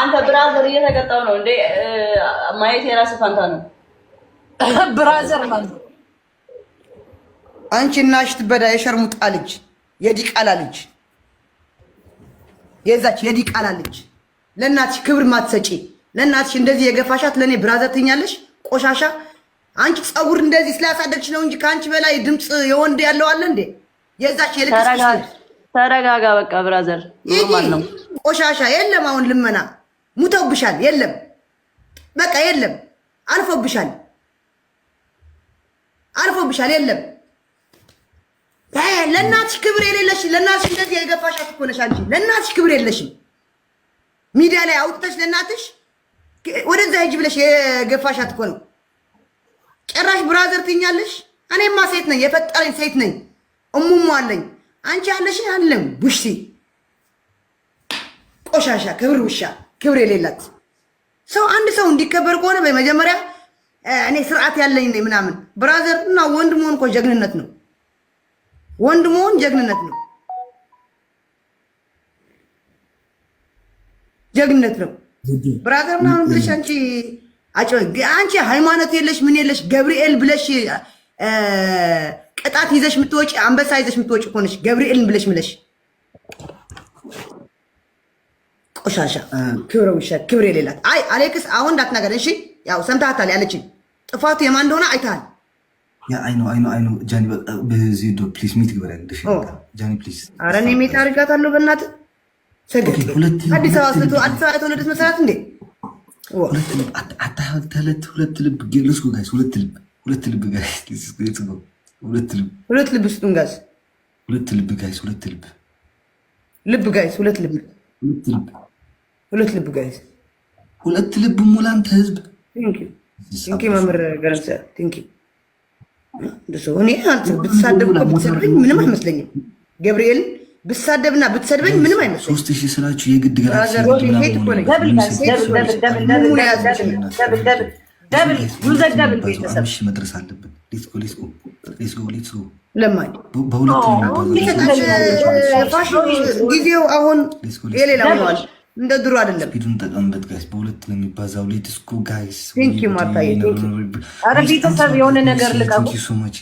አንተ ብራዘር እየተቀጣው ነው እንዴ? ማየት የራስ ፋንታ ነው። ብራዘር ማለት አንቺ እናሽ ትበዳ የሸርሙጣ ልጅ የዲቃላ ልጅ የዛች የዲቃላ ልጅ ለእናትሽ ክብር ማትሰጪ ለእናትሽ እንደዚህ የገፋሻት ለእኔ ብራዘር ትኛለሽ። ቆሻሻ አንቺ ፀጉር እንደዚህ ስላሳደግሽ ነው እንጂ ከአንቺ በላይ ድምፅ የወንድ ያለው አለ እንዴ? የዛች የልክ ተረጋጋ። በቃ ብራዘር ነው ቆሻሻ የለም። አሁን ልመና ሙተውብሻል። የለም በቃ የለም፣ አልፎብሻል፣ አልፎብሻል። የለም ለእናትሽ ክብር የሌለሽ ለእናትሽ እንደዚህ የገፋሻት እኮ ነሽ አንቺ። ለእናትሽ ክብር የለሽም። ሚዲያ ላይ አውጥተሽ ለእናትሽ ወደዛ ሂጅ ብለሽ የገፋሻት እኮ ነው። ጭራሽ ብራዘር ትኛለሽ። እኔማ ሴት ነኝ፣ የፈጠረኝ ሴት ነኝ፣ እሙሙ አለኝ። አንቺ አለሽ አለም ቡሽቲ ቆሻሻ ክብር ውሻ ክብር የሌላት ሰው አንድ ሰው እንዲከበር ከሆነ በመጀመሪያ እኔ ስርዓት ያለኝ ምናምን ብራዘር እና ወንድ መሆን እኮ ጀግንነት ነው። ወንድ መሆን ጀግንነት ነው፣ ጀግንነት ነው። ብራዘር ምናምን ብለሽ አንቺ አንቺ ሃይማኖት የለሽ ምን የለሽ ገብርኤል ብለሽ ቅጣት ይዘሽ የምትወጪ አንበሳ ይዘሽ የምትወጪ ሆነሽ ገብርኤልን ብለሽ ምለሽ ቆሻሻ ክብረ ውሻ ክብር የሌላት አይ አሌክስ አሁን እንዳትናገር እሺ ያው ሰምታታል ያለችኝ ጥፋቱ የማን እንደሆነ አይተሃል አረን የሚት አድርጋታለሁ በእናትህ አዲስ አበባ አዲስ አበባ የተወለደች እንዴ ሁለት ልብ ጋይስ ሁለት ልብ ሁለት ልብ ጋይስ ሁለት ልብ ሁለት ልብ ስጡን ጋይስ ሁለት ልብ ጋይስ ሁለት ልብ ልብ ጋይስ ሁለት ልብ ሁለት ልብ ሁለት ልብ ጋይዝ፣ ሁለት ልብ ሙላን ተህዝብ ቲንኪ መምህር ገረምሳ ቲንኪ እኔ ብትሳደብ ብትሰድበኝ ምንም አይመስለኝም። ገብርኤል ብትሳደብና ብትሰድበኝ ምንም አይመስለኝም። ሶስት ሺህ ስላችሁ የግድ መድረስ አለብን። ጊዜው አሁን የሌላ ሆነዋል። እንደ ድሮ አይደለም። ስፒዱን ጠቀምበት ጋይስ። በሁለት ነው የሚባዛው። ሌትስ ጎ ጋይስ። ቴንክ ዩ ማርታዬ። ቤተሰብ የሆነ ነገር ልቀቁ። ሶ ማች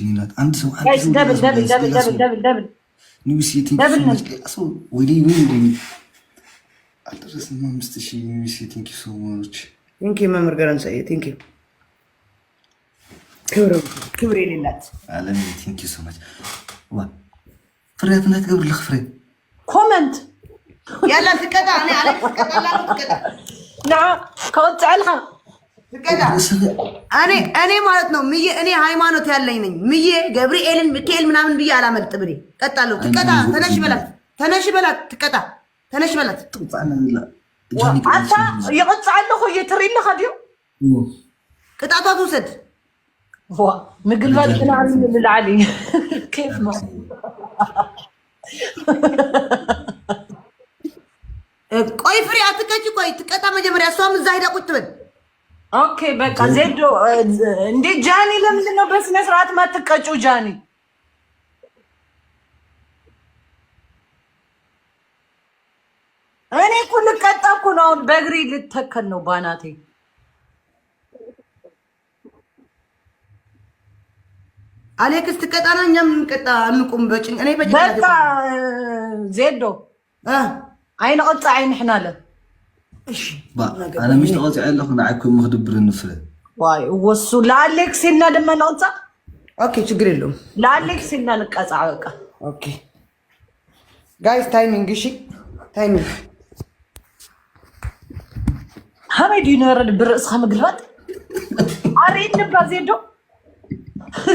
ፍሬያት እንዳትገብር ልክ ኮመንት يلا سكتة أنا عليك سكتة لا سكتة نعم كنت تعلقها سكتة أنا أنا مالتنا مية أنا هاي مانو تهلينين مية جبريل ميكيل منامن بيا على مال تبري قتلوا سكتة تناش بلد تناش بلد سكتة تناش بلد تقطع أنا لا حتى يقطع له يترين خديو قطعة توسد وا مقلبة تنعمل للعلي كيف ما ቆይ ፍሬ አትቀጭ። ቆይ ትቀጣ መጀመሪያ። እሷም እዛ ሄዳ ቁጭ ብል። ኦኬ በቃ ዜዶ እንዴ። ጃኒ ለምንድን ነው በስነ ስርዓት ማትቀጩ? ጃኒ እኔ እኮ ልቀጣ እኮ ነው አሁን። በእግሬ ልተከል ነው ባናቴ። አሌክስ ትቀጣ እኛም እንቀጣ እንቁም። በጭን እኔ በጭ ዜዶ ዓይነ ቐፃ ዓይኒ ሕና ኣለ ኣነ ምስ ተቐፂዐ ኣለኹ ንዓኩም ክድብር ንፍረ ዋይ እወሱ ለኣሌክስ ኢልና ድማ ንቕፃዕ ኦኬ ችግር የለውም ለኣሌክስ ኢልና ንቀፃዕ በቃ ኦኬ ጋይስ ታይሚንግ እሺ ታይሚንግ ከመይ ድዩ ነበረ ብርእስኻ ምግልባጥ ኣርኢት ንባ ዜዶ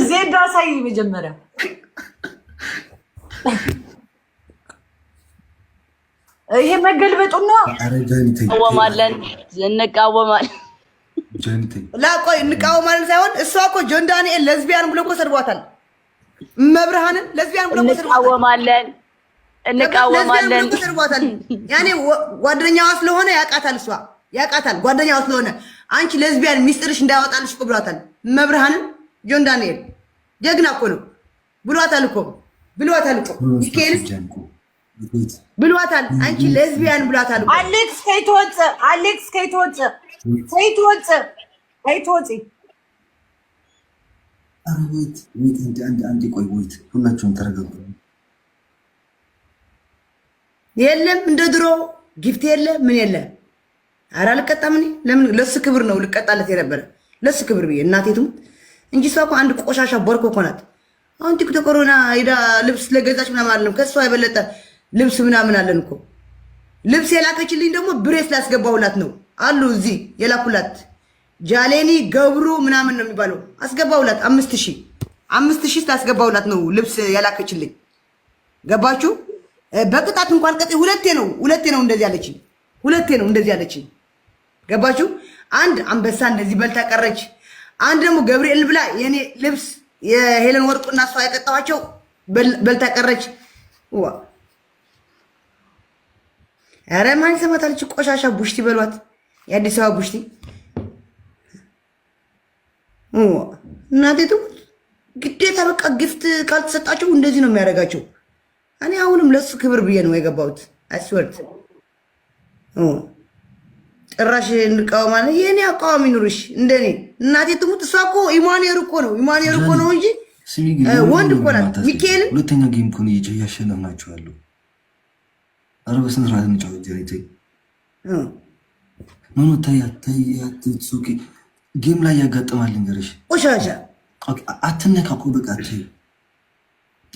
ዜዶ ኣሳይ መጀመርያ ይሄ መገልበጡ ነው። እንቃወማለን እንቃወማለን። ላቆይ እንቃወማለን ሳይሆን እሷ እኮ ጆን ዳንኤል ለዝቢያን ብሎ እኮ ሰድቧታል። መብርሃንን ለዝቢያን ብሎ እንቃወማለን እንቃወማለን ሰድቧታል። ያኔ ጓደኛዋ ስለሆነ ያውቃታል። እሷ ያውቃታል ጓደኛዋ ስለሆነ አንቺ ለዝቢያን ሚስጥርሽ እንዳያወጣልሽ እኮ ብሏታል። መብርሃንን ጆን ዳንኤል ጀግና እኮ ነው ብሏታል እኮ ብሏታል እኮ ሚካኤልስ ብሏታል። አንቺ ሌዝቢያን ብሏታል። አሌክስ ከይትወፅ አሌክስ ከይትወፅ ከይትወፅ ከይትወፅ ወይት ወይት አንድ አንድ አንድ ቆይ ወይት፣ ሁላችሁም ተረጋጉ። የለም እንደ ድሮ ጊፍት የለ ምን የለ። ኧረ አልቀጣም እኔ ለምን ለሱ ክብር ነው ልቀጣለት የነበረ ለሱ ክብር ብዬ እናቴ ትሙት እንጂ እሷ እኮ አንድ ቆሻሻ ቦርኮ እኮ ናት። አሁን ቲክቶክ ኮሮና ሄዳ ልብስ ለገዛች ምናምን አይደለም ከእሷ የበለጠ ልብስ ምናምን አለን እኮ ልብስ የላከችልኝ ደግሞ ብሬስ ላስገባሁላት ነው አሉ እዚህ የላኩላት ጃሌኒ ገብሩ ምናምን ነው የሚባለው። አስገባሁላት አምስት ሺህ አምስት ሺህ ስላስገባሁላት ነው ልብስ የላከችልኝ። ገባችሁ? በቅጣት እንኳን ቀጥ ሁለቴ ነው ሁለቴ ነው እንደዚህ ያለችኝ ሁለቴ ነው እንደዚህ ያለችኝ። ገባችሁ? አንድ አንበሳ እንደዚህ በልታ ቀረች። አንድ ደግሞ ገብርኤል ብላ የኔ ልብስ የሄለን ወርቁ እሷ ያቀጣኋቸው በልታ ቀረች። ኧረ ማን ሰማታለች? ቆሻሻ ቡሽቲ በሏት። የአዲስ አበባ ቡሽቲ እናቴ ትሙት። ግዴታ በቃ ግፍት ካልተሰጣቸው እንደዚህ ነው የሚያደርጋቸው። እኔ አሁንም ለሱ ክብር ብዬ ነው የገባሁት። አስወርድ ጭራሽ እንቃወማለን። የእኔ አቋዋሚ ኑርሽ እንደኔ እናቴ ትሙት። እሷ እኮ ኢማኑኤል እኮ ነው ኢማኑኤል እኮ ነው እንጂ ወንድ እኮ ናት። ሚካኤልን ሁለተኛ ጌም እኮ ነው እያሸነፍናችኋለሁ ኧረ በስነ ስርዓት እንጫወት። ጌም ላይ ያጋጥማል። ንገርሽ ቆሻሻ በቃ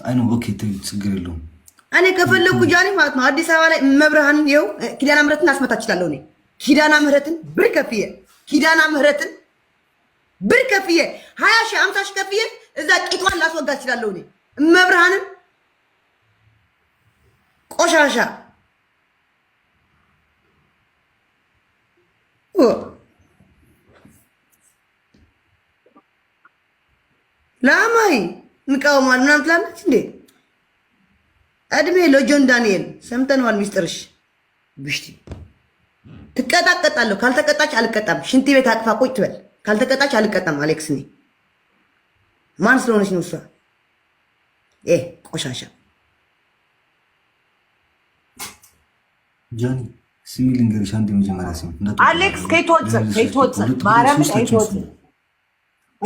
አይ ነው። ኦኬ ችግር የለውም። እኔ ከፈለግኩ ጃኒ ማለት ነው አዲስ አበባ ላይ መብርሃን ይኸው ኪዳና ምህረትን አስመታ እችላለሁ። እኔ ኪዳና ምህረትን ብር ከፍዬ ኪዳና ምህረትን ብር ከፍዬ ሀያ ሺህ አምሳ ሺህ ከፍዬ እዛ ቂጧን ላስወጋ እችላለሁ። እኔ መብርሃንን ቆሻሻ ላማይ እንቃወማል ምናምን ትላለች እንዴ? እድሜ ለጆን ዳንኤል ሰምተነዋል። ሚስጥርሽ ብሽቲ ትቀጣቀጣለሁ። ካልተቀጣች አልቀጣም። ሽንት ቤት አቅፋ ቁጭ ትበል። ካልተቀጣች አልቀጣም። አሌክስ እኔ ማን ስለሆነች ነው እሷ? ቆሻሻ ጆኒ ስሚ ልንገርሽ፣ አንድ የመጀመሪያ ስም አሌክስ ከይትወፅእ ከይትወፅእ ማርያምን አይትወፅእ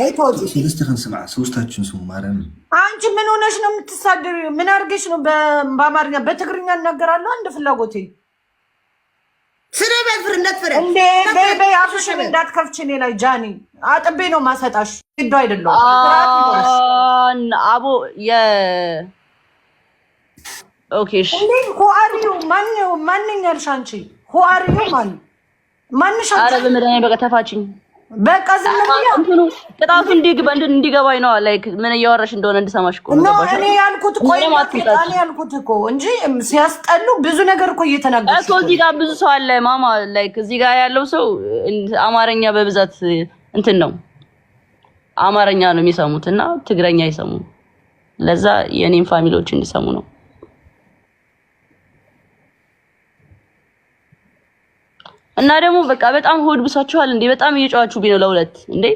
አይትወፅእ ሶስታችሁን ስማ፣ ሶስታችን ስሙ። ማርያምን አንቺ ምን ሆነሽ ነው የምትሳደሪ? ምን አድርገሽ ነው? በአማርኛ በትግርኛ እናገራለሁ። አንድ ፍላጎቴ ስለ በፍር እንዳትፈረ እንዴ በይ በይ፣ አፍሽን እንዳትከፍች። እኔ ላይ ጃኒ አጥቤ ነው ማሰጣሽ። ግዶ አይደለም አቦ የ ኦኬ እሺ፣ እንዴ ኮአሪው ማን ማንኛልሽ አንቺ ሆአሪዮ ማን ማንሽ? አረ በመድኃኒዓለም በቃ ተፋችኝ። በቃ ዝም ብያ ቅጣቱ እንዲግባ እንዲገባኝ ነው። ላይክ ምን እያወራሽ እንደሆነ እንድሰማሽ እኮ ነው እኔ ያልኩት። ቆይ እኔ ያልኩት እኮ እንጂ ሲያስጠሉ ብዙ ነገር እኮ እየተናገርኩ እኮ። እዚህ ጋር ብዙ ሰው አለ ማማ። ላይክ እዚህ ጋር ያለው ሰው አማርኛ በብዛት እንትን ነው አማርኛ ነው የሚሰሙት እና ትግረኛ አይሰሙም። ለዛ የኔን ፋሚሊዎች እንዲሰሙ ነው እና ደግሞ በቃ በጣም ሆድ ብሳችኋል እንዴ? በጣም እየጨዋችሁ ቢነው ለሁለት እንዴ?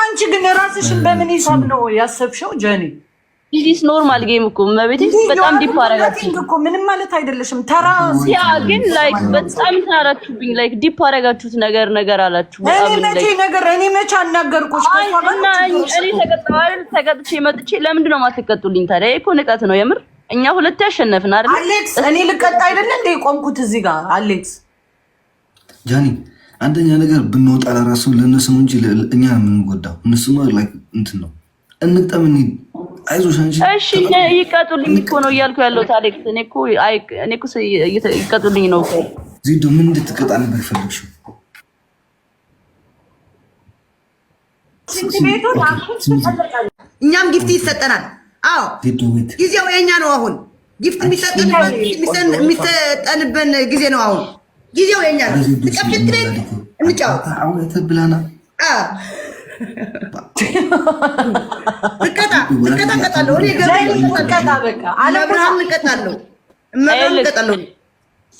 አንቺ ግን ራስሽን በምን ሂሳብ ነው ያሰብሽው ጀኒ? ዲስ ኖርማል ጌም እኮ መቤቴ በጣም ዲፕ አረጋችሁኝ እኮ ምንም ማለት አይደለሽም። ተራ ያ ግን ላይክ በጣም ታራችሁብኝ ላይክ ዲፕ አረጋችሁት ነገር ነገር አላችሁ። እኔ መቼ ነገር እኔ መቼ አናገርኩሽ? እኔ ተቀጣዋል ተቀጥቼ መጥቼ ለምንድን ነው የማትቀጡልኝ ታዲያ? እኮ ንቀት ነው የምር እኛ ሁለት ያሸነፍን አይደል? አሌክስ እኔ ልቀጣ አይደለ እንደ ቆምኩት እዚህ ጋር አሌክስ ጃኒ፣ አንደኛ ነገር ብንወጣ ለራሱ ለነሱ ነው እንጂ እኛ የምንጎዳው እነሱ ነው። ላይክ እንትን ነው እንጠም እንሂድ፣ አይዞሽ አንቺ። እሺ ይቀጡልኝ እኮ ነው እያልኩ ያለሁት አሌክስ። እኔ እኮ አይ እኔ እኮ ይቀጡልኝ ነው እኮ። ዜዶ ምን እንድትቀጣ ነበር የፈለግሽው? እኛም ጊፍት ይሰጠናል። አዎ ጊዜው የኛ ነው። አሁን ጊፍት የሚሰጠንበት ጊዜ ነው። አሁን ጊዜው የኛ ነው። ትቀፍት እንጫወት ትቀጣ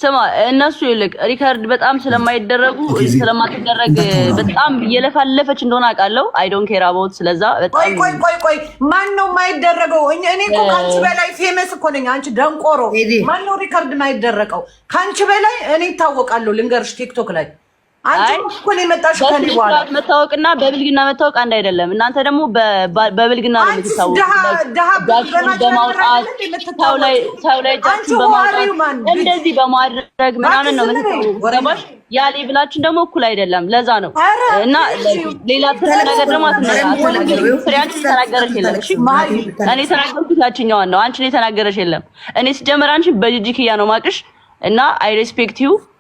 ስማ እነሱ ይልቅ ሪከርድ በጣም ስለማይደረጉ ስለማትደረግ በጣም እየለፋለፈች እንደሆነ አውቃለሁ። አይ ዶንት ኬር አባውት ስለዛ። በጣም ቆይ ቆይ ቆይ ማን ነው የማይደረገው? እኔ እኮ ከአንቺ በላይ ፌመስ እኮ ነኝ። አንቺ ደንቆሮ፣ ማን ነው ሪከርድ የማይደረገው? ከአንቺ በላይ እኔ ይታወቃለሁ። ልንገርሽ ቲክቶክ ላይ መታወቅና በብልግና መታወቅ አንድ አይደለም። እናንተ ደግሞ በብልግና ነው የምትታወቁት። በማውጣት ሰው እጃችን በማውጣት እንደዚህ በማድረግ ምናምን ነው የምትታወቁት። ያ ሌብላችን ደግሞ እኩል አይደለም። ለዛ ነው እና ሌላ ነገር ደግሞ የለም። እኔ የተናገርኩት ያችኛዋን ነው። አንቺን የተናገረች የለም። እኔ ስጀምር አንቺን በጂጂክያ ነው ማቅሽ እና አይ ሬስፔክት ዩ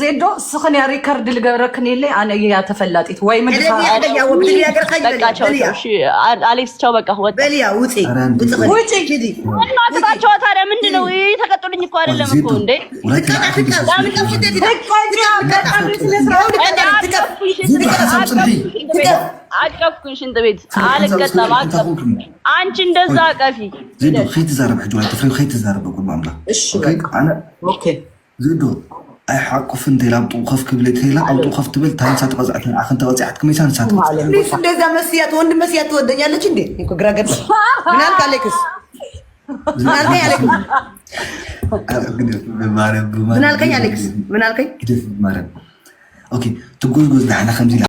ዜዶ ስኽን ያ ሪከርድ ልገብረክን የለ ኣነ እያ ተፈላጢት ወይ ምግፋኣሌክስ ቻው በቃ ወበልያ ውጪ ውጪ ማቅጣቸዋ ታዲያ ምንድን ነው ተቀጡልኝ እኮ አይደለም እኮ እንዴ አቀፍኩኝ ሽንጥ ቤት አልቀጠም አቀፍ አንቺ እንደዛ አቀፊ ዜዶ ከይትዛረብ ሕጂ ተፍሪ ከይትዛረብ ጉል ማምላ እሺ ኦኬ ዝዶ ኣይ ሓቁፍ እንተላ ኣብጥቑ ክብል እተላ ኣብጥቑ ከፍ ትብል ታንሳ ተቐፅዕት ንዓኸ ተቐፂዓት ክመይሳ ንሳ እንደዛ መስያት ወንድ መስያት ትወደኛለች እንዴ ግራ ገብ ምናልካ ኣሌክስ ምናልከኝ ኣሌክስ ምናልከኝ ትጎዝጎዝ ንሓና ከምዚ